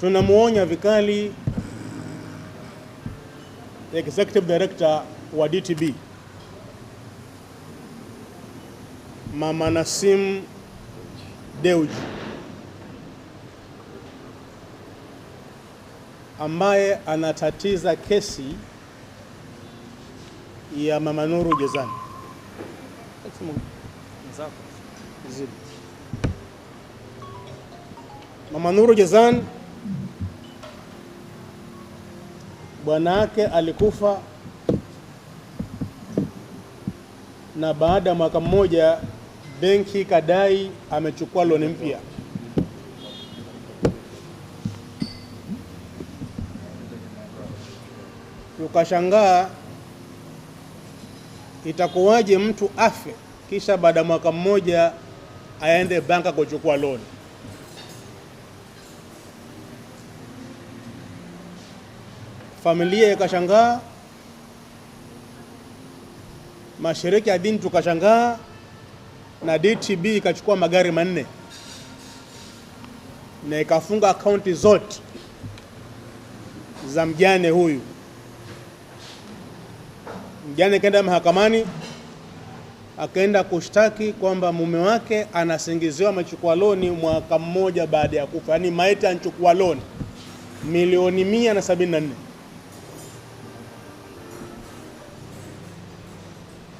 Tunamwonya vikali Executive Director wa DTB Mama Nasim Deuji ambaye anatatiza kesi ya Mama Nuru Jezani Mama Nuru Jezani bwana yake alikufa, na baada ya mwaka mmoja benki kadai amechukua loni mpya. Tukashangaa itakuwaje mtu afe kisha baada ya mwaka mmoja aende banka kuchukua loni. familia ikashangaa, mashiriki ya dini tukashangaa, na DTB ikachukua magari manne na ikafunga akaunti zote za mjane huyu. Mjane kaenda mahakamani akaenda kushtaki kwamba mume wake anasingiziwa amechukua loni mwaka mmoja baada ya kufa, yaani maiti anachukua loni milioni mia na sabini na nne.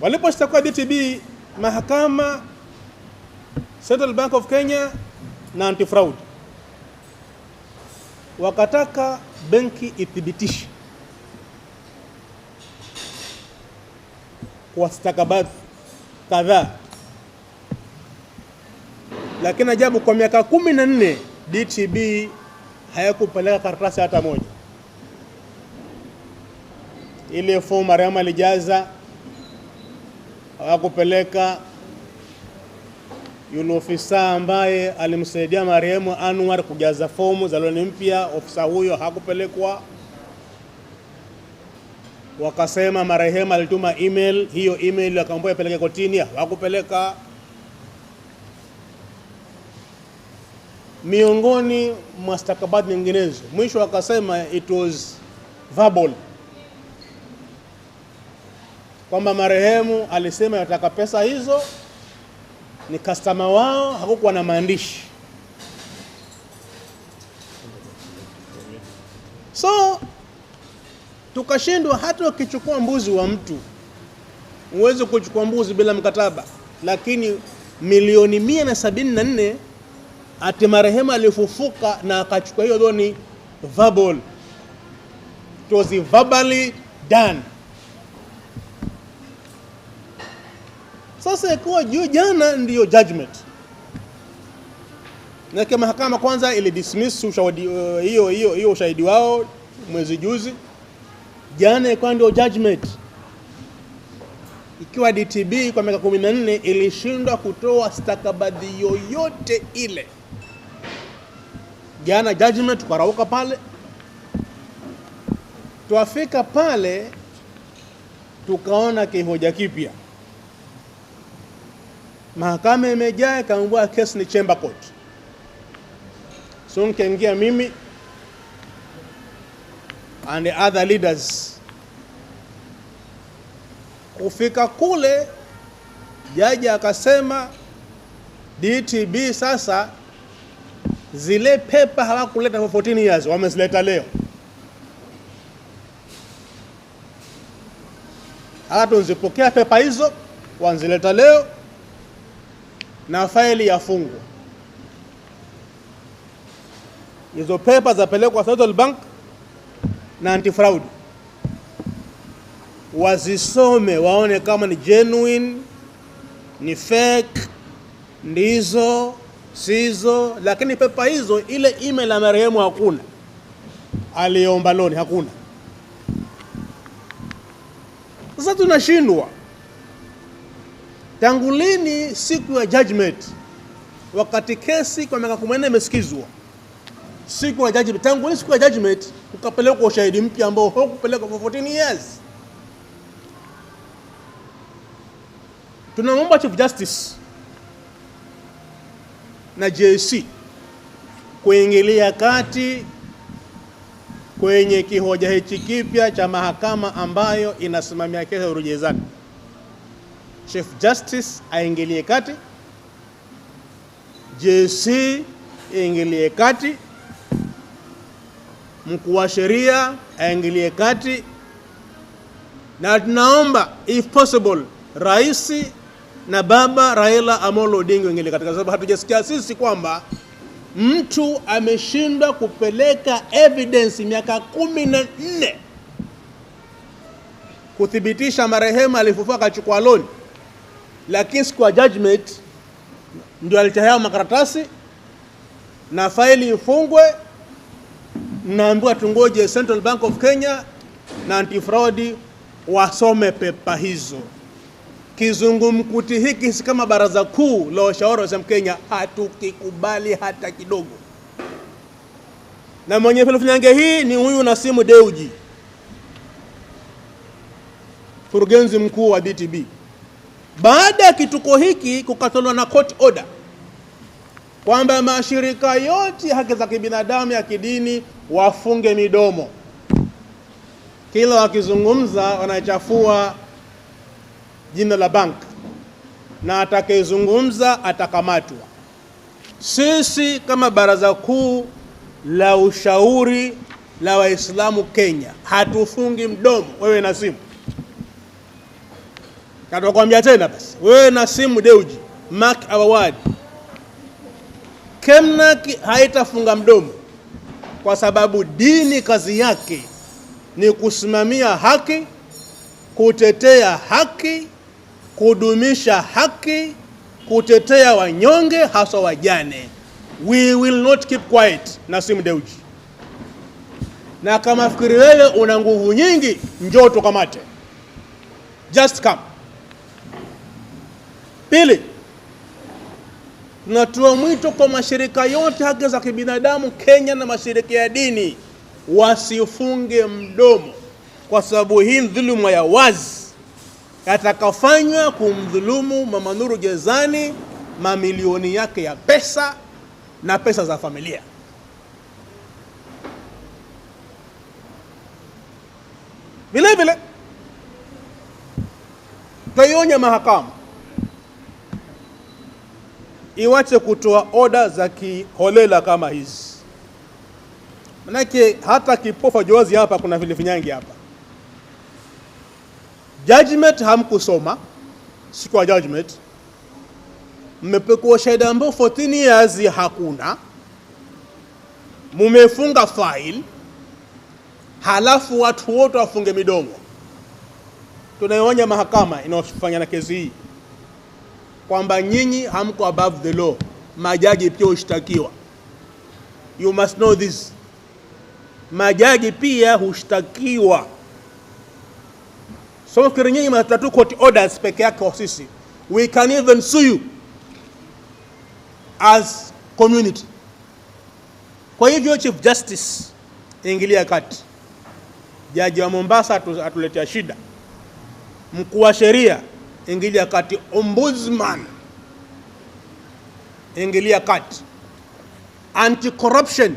Waliposhtakiwa DTB mahakama, Central Bank of Kenya na anti-fraud wakataka benki ithibitishe kwa stakabadhi kadhaa, lakini ajabu, kwa miaka kumi na nne DTB hayakupeleka karatasi hata moja. Ile fomu Mariamu alijaza hawakupeleka yule ofisa ambaye alimsaidia marehemu Anwar kujaza fomu za loan mpya. Ofisa huyo hakupelekwa, wakasema marehemu alituma email, hiyo email akaambiwa apeleke kotini, hawakupeleka. Miongoni mwa stakabadhi nyinginezo, mwisho akasema it was verbal kwamba marehemu alisema anataka pesa hizo, ni customer wao, hakukuwa na maandishi. So tukashindwa hata ukichukua mbuzi wa mtu uweze kuchukua mbuzi bila mkataba, lakini milioni mia na sabini na nne ati marehemu alifufuka na akachukua hiyo, ni verbal, it was verbally done. Sasa ikiwa juu jana ndiyo judgment na mahakama kwanza ili dismiss uh, hiyo hiyo hiyo ushahidi wao mwezi juzi, jana ikiwa ndio judgment, ikiwa DTB kwa miaka 14 ilishindwa kutoa stakabadhi yoyote ile. Jana judgment, tukarauka pale, twafika pale tukaona kihoja kipya. Mahakama imejaa kaambua kesi ni chamber court, so nikaingia mimi and the other leaders. Kufika kule, jaji akasema DTB sasa zile pepa hawakuleta for 14 years, wamezileta leo. Hata tunzipokea pepa hizo, wanzileta leo na faili yafungwe. Hizo pepa zapelekwa Central Bank na anti-fraud wazisome, waone kama ni genuine, ni fake, ndizo sizo. Lakini pepa hizo, ile email ya marehemu hakuna, aliomba loni hakuna. Sasa tunashindwa Tangu lini siku ya judgment, wakati kesi kwa miaka 14 imesikizwa, siku ya judgment, tangu lini siku ya judgment ukapelekwa ushahidi mpya ambao hukupelekwa for 14 years? Tunamwomba Chief Justice na JC kuingilia kati kwenye kihoja hichi kipya cha mahakama ambayo inasimamia kesi ya rejea Chief Justice aingilie kati, JC aingilie kati, mkuu wa sheria aingilie kati, na tunaomba if possible rais na baba Raila Amolo Odinga aingilie kati, kwa sababu hatujasikia sisi kwamba mtu ameshindwa kupeleka evidence miaka kumi na nne kuthibitisha marehemu alifufua akachukua loni lakini siku ya judgment ndio alitahewa makaratasi na faili ifungwe. naambiwa tungoje Central Bank of Kenya na fraud wasome pepa hizo. Kizungumkuti hiki si kama baraza kuu la washauri wa Kenya, hatukikubali hata kidogo. Na mwenye filfunyange hii ni huyu Nasimu Deuji, mkurugenzi mkuu wa dtb baada ya kituko hiki kukatolwa na court order kwamba mashirika yote haki za kibinadamu ya kidini wafunge midomo, kila wakizungumza wanachafua jina la bank na atakayezungumza atakamatwa. Sisi kama Baraza Kuu la Ushauri la Waislamu Kenya hatufungi mdomo, wewe na simu Natakwambia tena basi, wewe Nasimu deuji mark our word, Kemnak haitafunga mdomo, kwa sababu dini kazi yake ni kusimamia haki, kutetea haki, kudumisha haki, kutetea wanyonge, hasa wajane. We will not keep quiet, Nasimu deuji Na kama fikiri wewe una nguvu nyingi, njoo tukamate, just come. Pili, tunatoa mwito kwa mashirika yote haki za kibinadamu Kenya na mashirika ya dini wasifunge mdomo, kwa sababu hii dhuluma ya wazi atakafanywa kumdhulumu Mama Nuru Jezani, mamilioni yake ya pesa na pesa za familia. Vilevile taionya mahakama iwache kutoa oda za kiholela kama hizi, manake hata kipofu jozi hapa kuna vile vinyangi hapa. Judgment hamkusoma siku ya judgment, mmepekua shahada ambao 14 years hakuna, mumefunga file, halafu watu wote wafunge midomo. Tunaionya mahakama inayofanya na kesi hii kwamba nyinyi hamko above the law, majaji pia hushtakiwa. You must know this, majaji pia hushtakiwa. So kwa nyinyi mnatatu court orders peke yake, sisi we can even sue you as community. Kwa hivyo Chief Justice, ingilia kati. Jaji wa Mombasa atuletea shida, mkuu wa sheria ingilia kati. Ombudsman ingilia kati. Anti corruption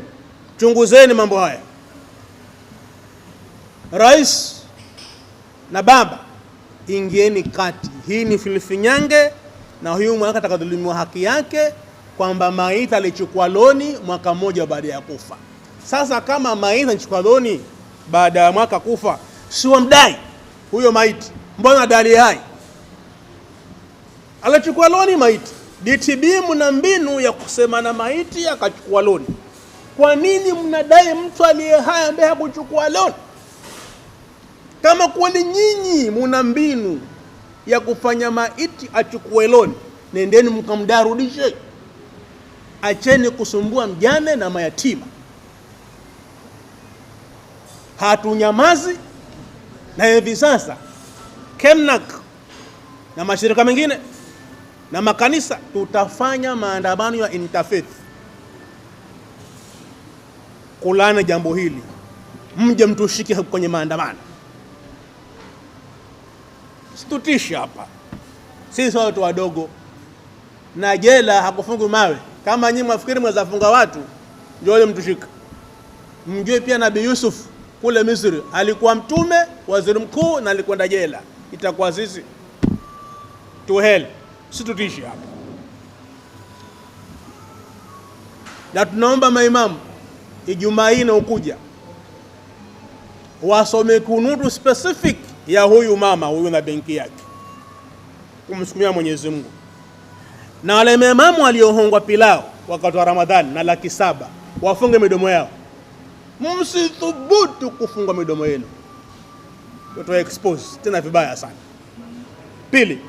chunguzeni mambo haya. Rais na baba, ingieni kati. Hii ni filifinyange na huyu mwaka atakadhulumiwa haki yake, kwamba maitha alichukua loni mwaka mmoja baada ya kufa. Sasa kama maitha alichukua loni baada ya mwaka kufa, si wamdai huyo maiti, mbona dali hai? Alichukua loni maiti. DTB mna mbinu ya kusema na maiti akachukua loni. Kwa nini mnadai mtu aliye hai ambaye hakuchukua loni? Kama kweli nyinyi muna mbinu ya kufanya maiti achukue loni, nendeni mkamdarudishe. Acheni kusumbua mjane na mayatima. Hatunyamazi na hivi sasa Kemnak na mashirika mengine na makanisa, tutafanya maandamano ya interfaith kulana jambo hili, mje mtushike kwenye maandamano. situtishi hapa sisi watu wadogo, na jela hakufungwi mawe. Kama nyinyi mwafikiri mwezafunga watu, njoole mtushika. Mjue pia Nabii Yusuf kule Misri alikuwa mtume, waziri mkuu na alikwenda jela. Itakuwa sisi tuhel si tutishi hapa, na tunaomba maimamu Ijumaa hii inaokuja wasome kunutu specific ya huyu mama huyu na benki yake kumsukumia Mwenyezi Mungu, na wale maimamu waliohongwa pilao wakati wa Ramadhani na laki saba wafunge midomo yao. Msithubutu kufunga midomo yenu, toto expose tena vibaya sana. Pili,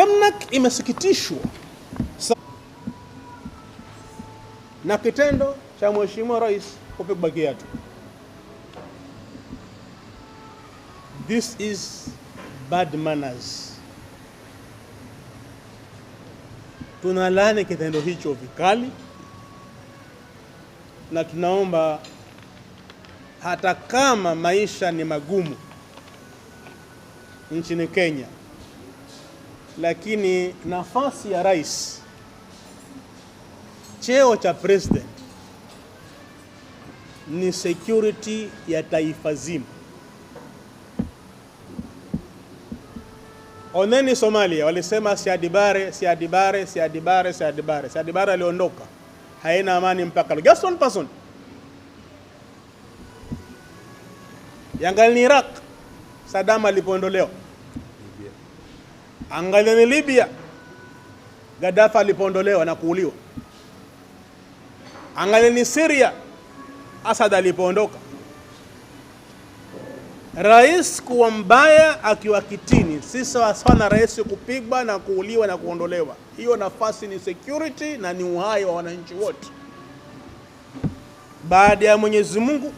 Kemnak imesikitishwa na kitendo cha Mheshimiwa Rais kupigwa kiatu. This is bad manners. Tunalaani kitendo hicho vikali na tunaomba hata kama maisha ni magumu nchini Kenya lakini nafasi ya rais, cheo cha president ni security ya taifa zima. Oneni Somalia, walisema siadibare, siadibare, siadibare, siadibare. Siadibare aliondoka, haina amani mpaka leo. Just one person. Yangalini Iraq, Saddam alipoondolewa ni Libya, Gaddafi alipoondolewa na kuuliwa. ni Syria, Asad alipoondoka. Rais kuwa mbaya akiwa kitini si sawa sawa na rais kupigwa na kuuliwa na kuondolewa. Hiyo nafasi ni security na ni uhai wa wananchi wote. Baada ya Mwenyezi Mungu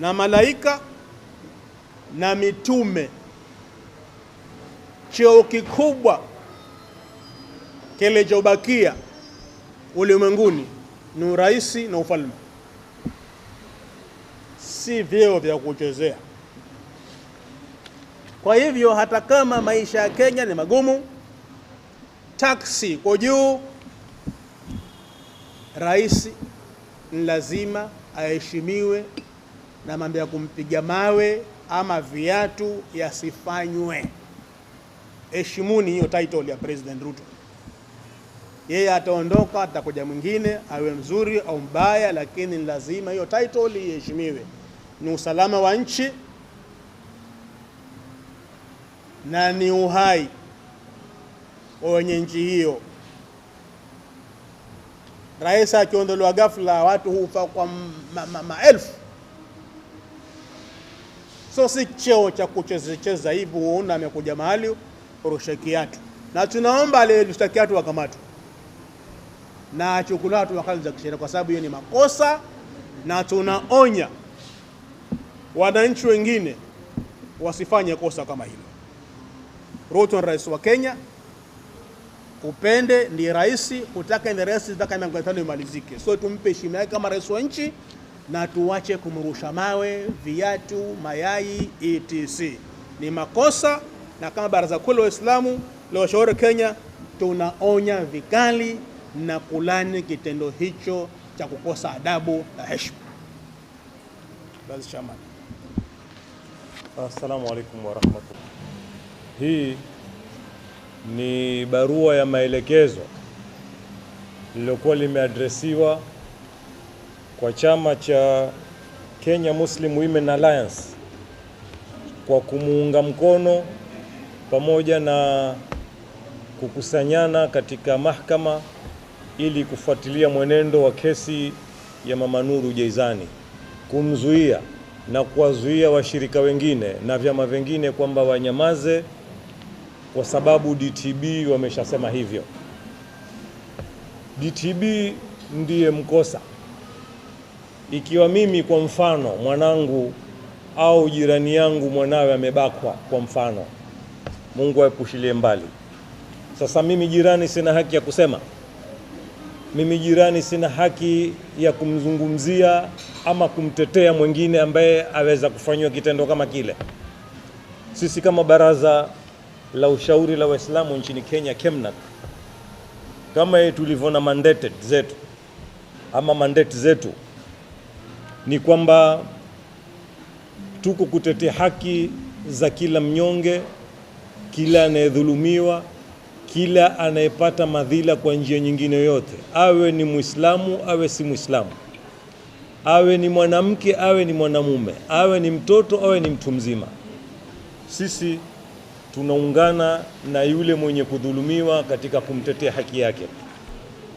na malaika na mitume cheo kikubwa kilichobakia ulimwenguni ni urais na ufalme, si vyeo vya kuchezea. Kwa hivyo hata kama maisha ya Kenya ni magumu, taksi kwa juu, rais ni lazima aheshimiwe na mambo ya kumpiga mawe ama viatu yasifanywe heshimuni hiyo title ya President Ruto. Yeye ataondoka, atakuja mwingine, awe mzuri au mbaya, lakini lazima hiyo title iheshimiwe. Ni usalama wa nchi na ni uhai wa wenye nchi hiyo. Rais akiondolewa ghafla, watu hufa kwa maelfu. So si cheo cha kuchezecheza hivi, uona amekuja mahali rushakiatu, na tunaomba aliyeshtakiatu wakamatwe na achukuliwe hatua kali za kisheria, kwa sababu hiyo ni makosa, na tunaonya wananchi wengine wasifanye kosa kama hilo. Ruto ni rais wa Kenya, upende ndiye rais, utake ni rais mpaka miaka mitano imalizike. So tumpe heshima yake kama rais wa nchi na tuache kumrusha mawe, viatu, mayai etc. Ni makosa na kama Baraza Kuu la Waislamu la Washauri Kenya tunaonya vikali na kulani kitendo hicho cha kukosa adabu na heshima. Assalamu alaikum warahmatullah. Hii ni barua ya maelekezo lililokuwa limeadresiwa kwa chama cha Kenya Muslim Women Alliance kwa kumuunga mkono pamoja na kukusanyana katika mahakama ili kufuatilia mwenendo wa kesi ya Mama Nuru Jeizani, kumzuia na kuwazuia washirika wengine na vyama vingine kwamba wanyamaze kwa sababu DTB wameshasema hivyo. DTB ndiye mkosa. Ikiwa mimi kwa mfano mwanangu au jirani yangu mwanawe amebakwa kwa mfano Mungu aepushilie mbali. Sasa mimi jirani sina haki ya kusema, mimi jirani sina haki ya kumzungumzia ama kumtetea mwingine ambaye aweza kufanyiwa kitendo kama kile. Sisi kama baraza la ushauri la Waislamu nchini Kenya, KEMNAK, kama tulivyo na mandate zetu ama mandate zetu ni kwamba tuko kutetea haki za kila mnyonge kila anayedhulumiwa, kila anayepata madhila kwa njia nyingine yoyote, awe ni Muislamu awe si Muislamu, awe ni mwanamke awe ni mwanamume, awe ni mtoto awe ni mtu mzima, sisi tunaungana na yule mwenye kudhulumiwa katika kumtetea haki yake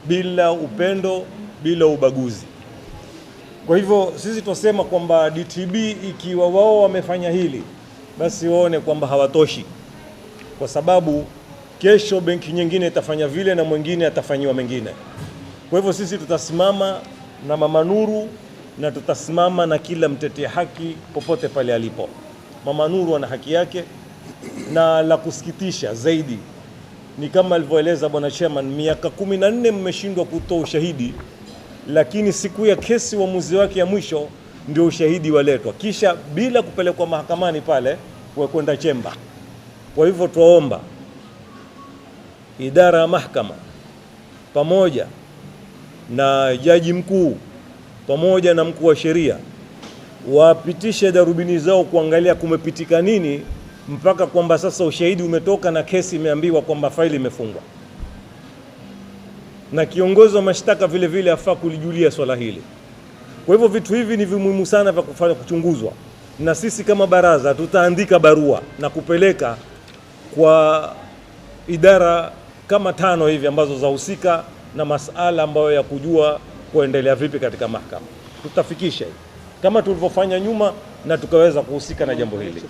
bila upendo, bila ubaguzi. Kwa hivyo sisi tunasema kwamba DTB ikiwa wao wamefanya hili, basi waone kwamba hawatoshi kwa sababu kesho benki nyingine itafanya vile na mwingine atafanyiwa mengine. Kwa hivyo sisi tutasimama na Mama Nuru na tutasimama na kila mtetea haki popote pale alipo. Mama Nuru ana haki yake, na la kusikitisha zaidi ni kama alivyoeleza bwana chairman, miaka kumi na nne mmeshindwa kutoa ushahidi, lakini siku ya kesi uamuzi wa wake ya mwisho ndio ushahidi waletwa, kisha bila kupelekwa mahakamani pale wekwenda chemba kwa hivyo twaomba idara ya mahakama pamoja na jaji mkuu pamoja na mkuu wa sheria wapitishe darubini zao kuangalia kumepitika nini mpaka kwamba sasa ushahidi umetoka na kesi imeambiwa kwamba faili imefungwa. Na kiongozi wa mashtaka vile vile afaa kulijulia swala hili. Kwa hivyo vitu hivi ni vimuhimu sana vya kufanya kuchunguzwa, na sisi kama baraza tutaandika barua na kupeleka kwa idara kama tano hivi ambazo zahusika na masala ambayo ya kujua kuendelea vipi katika mahakama. Tutafikisha hii kama tulivyofanya nyuma na tukaweza kuhusika na jambo hili.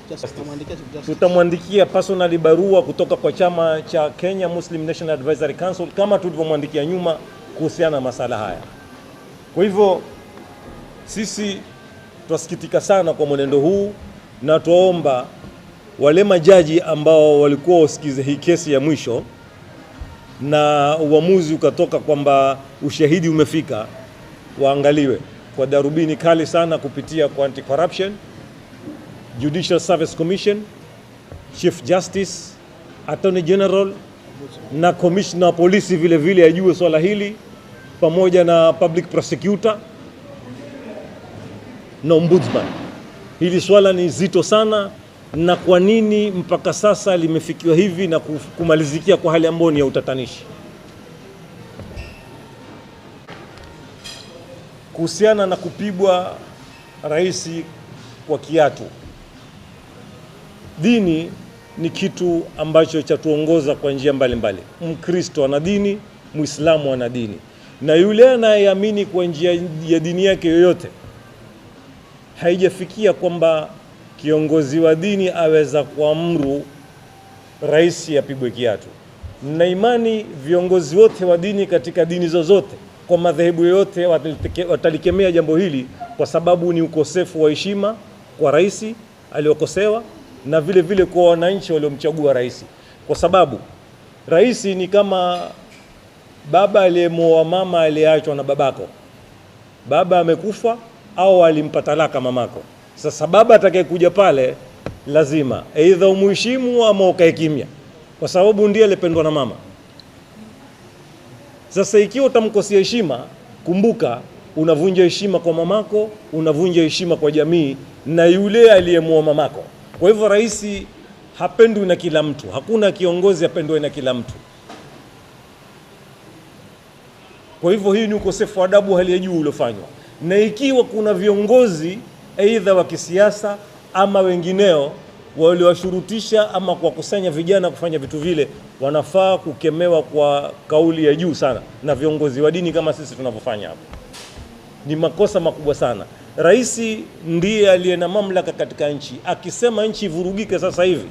Tutamwandikia personal barua kutoka kwa chama cha Kenya Muslim National Advisory Council kama tulivyomwandikia nyuma kuhusiana na masala haya. Kwa hivyo sisi twasikitika sana kwa mwenendo huu na tuomba wale majaji ambao walikuwa wasikize hii kesi ya mwisho na uamuzi ukatoka kwamba ushahidi umefika, waangaliwe kwa darubini kali sana kupitia kwa Anti Corruption, Judicial Service Commission, Chief Justice, Attorney General na Commissioner wa polisi vile vile ajue swala hili pamoja na Public Prosecutor na Ombudsman. Hili swala ni zito sana na kwa nini mpaka sasa limefikiwa hivi na kumalizikia kwa hali ambayo ni ya utatanishi. Kuhusiana na kupigwa rais kwa kiatu, dini ni kitu ambacho chatuongoza kwa njia mbalimbali. Mkristo ana dini, Muislamu ana dini, na yule anayeamini kwa njia ya dini yake yoyote haijafikia kwamba kiongozi wa dini aweza kuamuru rais apigwe kiatu. Na imani viongozi wote wa dini katika dini zozote kwa madhehebu yote watalikemea jambo hili, kwa sababu ni ukosefu wa heshima kwa rais aliokosewa, na vile vile kwa wananchi waliomchagua rais, kwa sababu rais ni kama baba aliyemoa mama aliyeachwa na babako. Baba amekufa au alimpa talaka mamako sasa baba atakayekuja pale lazima aidha umuheshimu ama ukae kimya, kwa sababu ndiye alipendwa na mama. Sasa ikiwa utamkosia heshima, kumbuka unavunja heshima kwa mamako, unavunja heshima kwa jamii na yule aliyemua mamako. Kwa hivyo rais hapendwi na kila mtu, hakuna kiongozi apendwe na kila mtu. Kwa hivyo hii ni ukosefu wa adabu hali ya juu uliofanywa, na ikiwa kuna viongozi aidha wa kisiasa ama wengineo waliwashurutisha ama kuwakusanya vijana kufanya vitu vile, wanafaa kukemewa kwa kauli ya juu sana na viongozi wa dini kama sisi tunavyofanya hapa. Ni makosa makubwa sana. Rais ndiye aliye na mamlaka katika nchi. Akisema nchi ivurugike sasa hivi,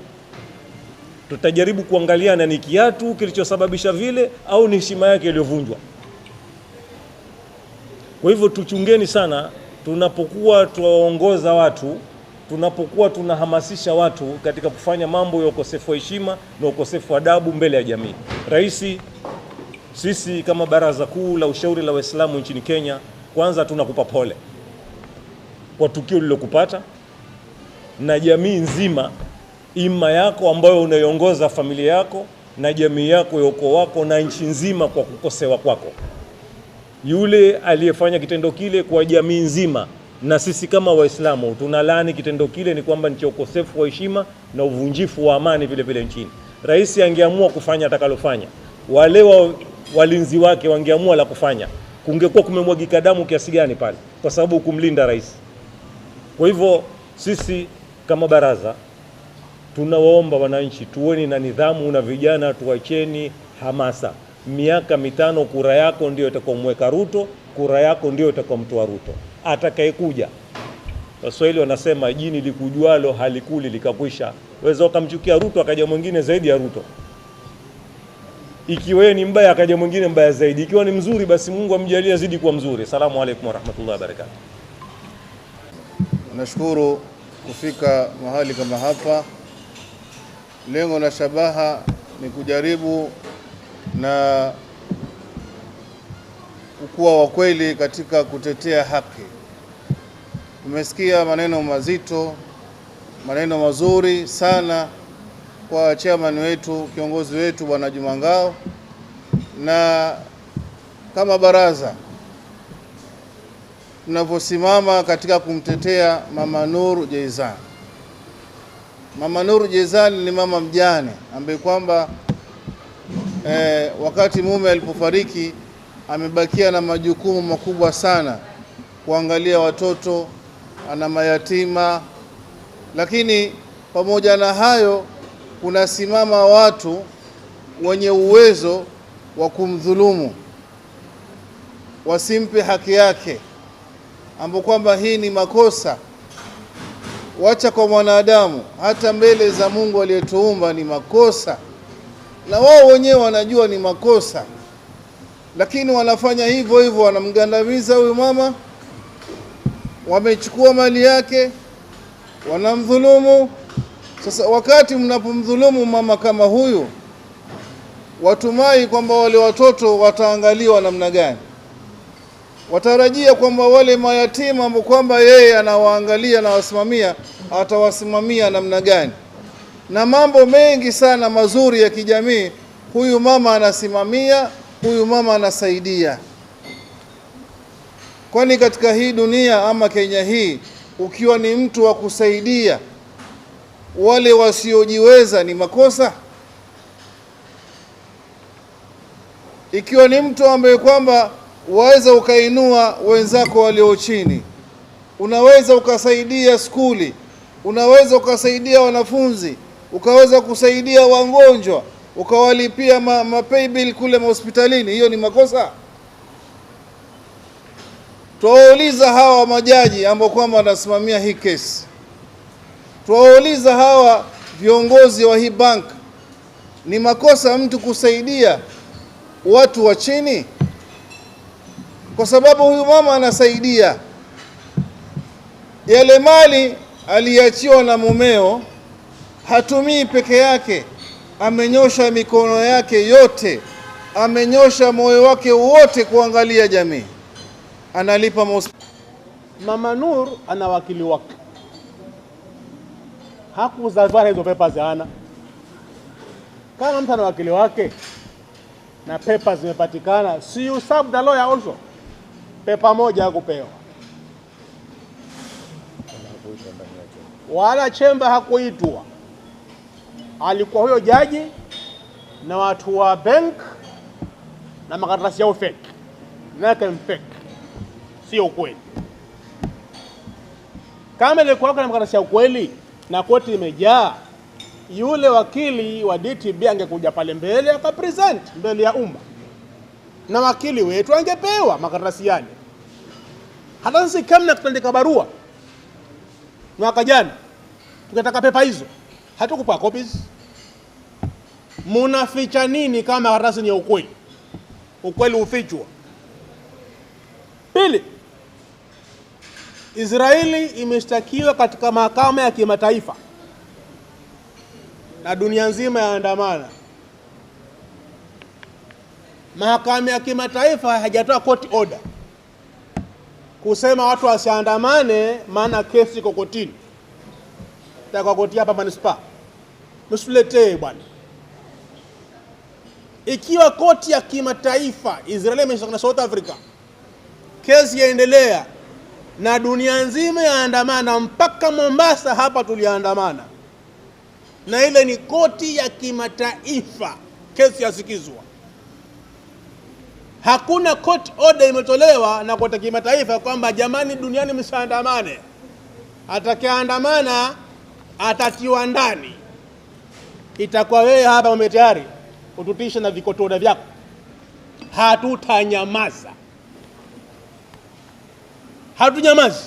tutajaribu kuangaliana ni kiatu kilichosababisha vile au ni heshima yake iliyovunjwa. Kwa hivyo tuchungeni sana tunapokuwa tuwaongoza watu, tunapokuwa tunahamasisha watu katika kufanya mambo ya ukosefu wa heshima na ukosefu wa adabu mbele ya jamii. Rais, sisi kama Baraza Kuu la Ushauri la Waislamu nchini Kenya, kwanza tunakupa pole kwa tukio lililokupata na jamii nzima, ima yako ambayo unaiongoza familia yako na jamii yako ya ukoo wako na nchi nzima kwa kukosewa kwako yule aliyefanya kitendo kile kwa jamii nzima, na sisi kama Waislamu tunalaani kitendo kile, ni kwamba ni cha ukosefu wa heshima na uvunjifu wa amani vile vile nchini. Rais angeamua kufanya atakalofanya, wale wa, walinzi wake wangeamua la kufanya, kungekuwa kumemwagika damu kiasi gani pale, kwa sababu kumlinda rais. Kwa hivyo sisi kama baraza tunawaomba wananchi, tuweni na nidhamu na vijana, tuwacheni hamasa miaka mitano, kura yako ndio itakomweka Ruto, kura yako ndio itakomtoa Ruto atakayekuja. Waswahili wanasema jini likujualo halikuli likakwisha. Waweza ukamchukia Ruto akaja mwingine zaidi ya Ruto. Ikiwa ni mbaya akaja mwingine mbaya zaidi. Ikiwa ni mzuri, basi Mungu amjalie azidi kuwa mzuri. Salamu alaykum warahmatullahi wabarakatuh. Nashukuru kufika mahali kama hapa. Lengo na shabaha ni kujaribu na kuwa wa kweli katika kutetea haki. Tumesikia maneno mazito, maneno mazuri sana kwa chairman wetu, kiongozi wetu Bwana Juma Ngao, na kama baraza tunavyosimama katika kumtetea Mama Nuru Jeizan. Mama Nuru Jeizan ni mama mjane ambaye kwamba eh, wakati mume alipofariki amebakia na majukumu makubwa sana, kuangalia watoto, ana mayatima. Lakini pamoja na hayo, kunasimama watu wenye uwezo wa kumdhulumu, wasimpe haki yake, ambapo kwamba hii ni makosa wacha kwa mwanadamu, hata mbele za Mungu aliyetuumba ni makosa na wao wenyewe wanajua ni makosa, lakini wanafanya hivyo hivyo, wanamgandamiza huyu mama, wamechukua mali yake, wanamdhulumu. Sasa wakati mnapomdhulumu mama kama huyu, watumai kwamba wale watoto wataangaliwa namna gani? Watarajia kwamba wale mayatima ambao kwamba yeye anawaangalia na wasimamia, atawasimamia namna gani? na mambo mengi sana mazuri ya kijamii. Huyu mama anasimamia, huyu mama anasaidia, kwani katika hii dunia ama Kenya hii, ukiwa ni mtu wa kusaidia wale wasiojiweza ni makosa? Ikiwa ni mtu ambaye kwamba waweza ukainua wenzako walio chini, unaweza ukasaidia skuli, unaweza ukasaidia wanafunzi ukaweza kusaidia wagonjwa ukawalipia ma, ma pay bill kule mahospitalini, hiyo ni makosa? Twawauliza hawa majaji ambao kwamba wanasimamia hii kesi, twawauliza hawa viongozi wa hii bank, ni makosa mtu kusaidia watu wa chini? Kwa sababu huyu mama anasaidia yale mali aliachiwa na mumeo hatumii peke yake, amenyosha mikono yake yote, amenyosha moyo wake wote kuangalia jamii, analipa mos. Mama Nur ana wakili wake, hakuzazana hizo pepa zana. Kama mtu ana wakili wake na pepa zimepatikana, si you serve the lawyer also, pepa moja hakupewa wala chemba hakuitwa alikuwa huyo jaji na watu wa bank na makaratasi yao fake, nake fake, sio ukweli. Kama ilikuwa na makaratasi ya ukweli na koti imejaa, yule wakili wa DTB angekuja pale mbele akapresent mbele ya umma, na wakili wetu angepewa makaratasi yale. Hata sisi kamna kuandika barua mwaka jana tukataka pepa hizo hatukupa copies. Munaficha nini kama karatasi ni ya ukweli? Ukweli ufichwa. Pili, Israeli imeshtakiwa katika mahakama ya kimataifa na dunia nzima yaandamana. Mahakama ya kimataifa hajatoa court order kusema watu wasiandamane, maana kesi iko kotini, taka koti hapa manispaa msiletee bwana. Ikiwa koti ya kimataifa Israeli na South Africa, kesi yaendelea na dunia nzima yaandamana, mpaka Mombasa hapa tuliandamana, na ile ni koti ya kimataifa, kesi yasikizwa. Hakuna court order imetolewa na koti ya kimataifa kwamba jamani, duniani msiandamane. Atakayeandamana atatiwa ndani itakuwa wewe hapa ume tayari ututisha na vikotoda vyako, hatutanyamaza, hatunyamazi.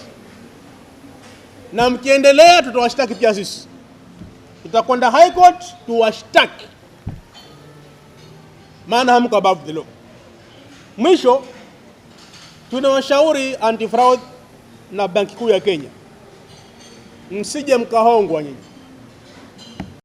Na mkiendelea, tutawashtaki pia sisi, tutakwenda high court tuwashtaki, maana hamko above the law. Mwisho tunawashauri anti fraud na Banki Kuu ya Kenya, msije mkahongwa nyinyi